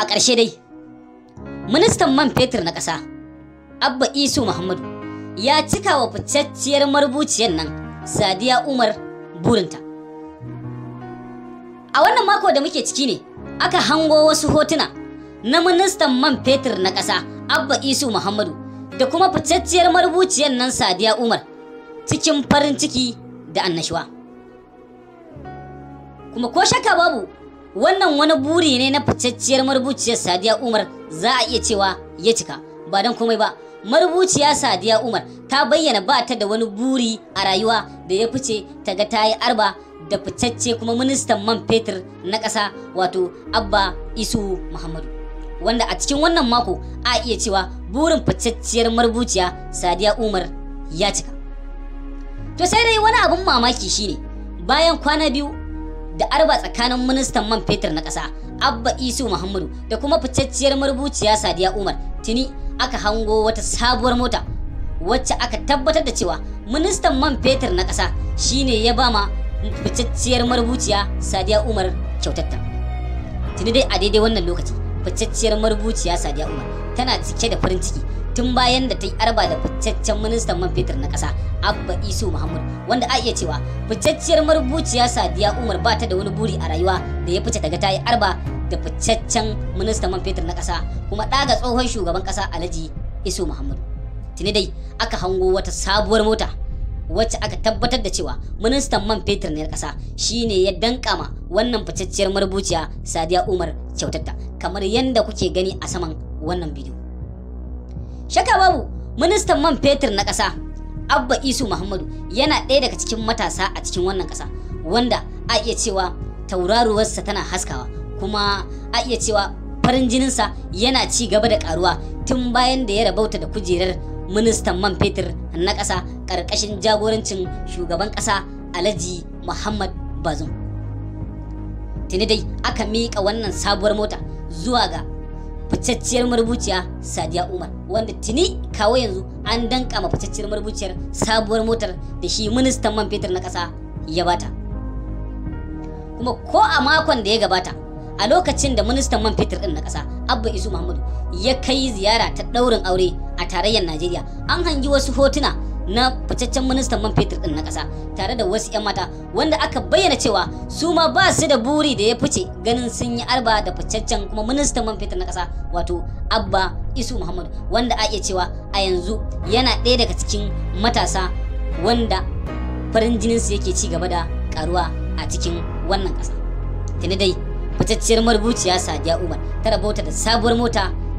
a ƙarshe dai ministan man fetur na ƙasa abba isu muhammadu ya cika wa ficacciyar marubuciyar nan sadiya umar burinta a wannan mako da muke ciki ne aka hango wasu hotuna na ministan man fetur na ƙasa abba isu muhammadu da kuma ficacciyar marubuciyar nan sadiya umar cikin farin ciki da annashuwa kuma ko shakka babu wannan wani buri ne na ficacciyar marubuciyar sadiya umar za a iya cewa ya cika ba don komai ba marubuciya sadiya umar ta bayyana ba ta da wani buri a rayuwa da ya fice ta ga ta yi arba da fitacce kuma ministan man fetur na ƙasa wato abba isu muhammadu wanda a cikin wannan mako a iya cewa burin fitacciyar marubuciya sadiya umar ya cika to sai dai wani abin mamaki shine bayan kwana biyu da arba tsakanin ministan man fetur na ƙasa abba isu muhammadu da kuma ficacciyar marubuciya sadiya umar tuni aka hango wata sabuwar mota wacce aka tabbatar da cewa ministan man fetur na ƙasa shine ya ba ma ficecciyar marubuciya sadiya umar kyautatta tuni dai a daidai wannan lokaci ficecciyar marubuciya sadiya umar tana cike da farin ciki tun bayan da ta yi arba da fitaccen ministan man fetur na kasa abba isu muhammad wanda a iya cewa fitacciyar marubuciya sadiya umar ba ta da wani buri a rayuwa da ya fice daga ta yi arba da fitaccen ministan man fetur na kasa kuma ɗaga tsohon shugaban ƙasa alhaji isu muhammad tuni dai aka hango wata sabuwar mota wacce aka tabbatar da cewa ministan man fetur na kasa shine ya dankama wannan ficacciyar marubuciya Sadiya Umar Kyautatta kamar yadda kuke gani a saman wannan bidiyo. shaka babu ministan man fetur na ƙasa abba isu muhammadu yana ɗaya daga cikin matasa a cikin wannan ƙasa wanda a iya cewa tauraruwarsa tana haskawa kuma a iya cewa farin jininsa yana ci gaba da ƙaruwa tun bayan da ya rabauta da kujerar ministan man fetur na ƙasa ƙarƙashin jagorancin shugaban ƙasa alhaji muhammad bazum tuni dai aka miƙa wannan sabuwar mota zuwa ga fitacciyar marubuciya Sadiya Umar wanda tuni kawo yanzu an danka ma fitacciyar marubuciyar sabuwar motar da shi ministan man fetur na kasa ya bata. Kuma ko a makon da ya gabata a lokacin da ministan man fetur din na ƙasa Abba Isu Muhammadu ya kai ziyara ta ɗaurin aure a tarayyar Najeriya an hangi wasu hotuna na fitaccen ministan man fetur din na ƙasa tare da wasu 'yan mata wanda aka bayyana cewa su ma ba su da buri da ya fice ganin sun yi arba da fitaccen kuma ministan man fetur na kasa. wato abba isu muhammad wanda a iya cewa a yanzu yana ɗaya daga cikin matasa wanda farin jininsu yake ci gaba da karuwa a cikin wannan ƙasa tuni dai fitacciyar marubuciya sadiya umar ta rabota da sabuwar mota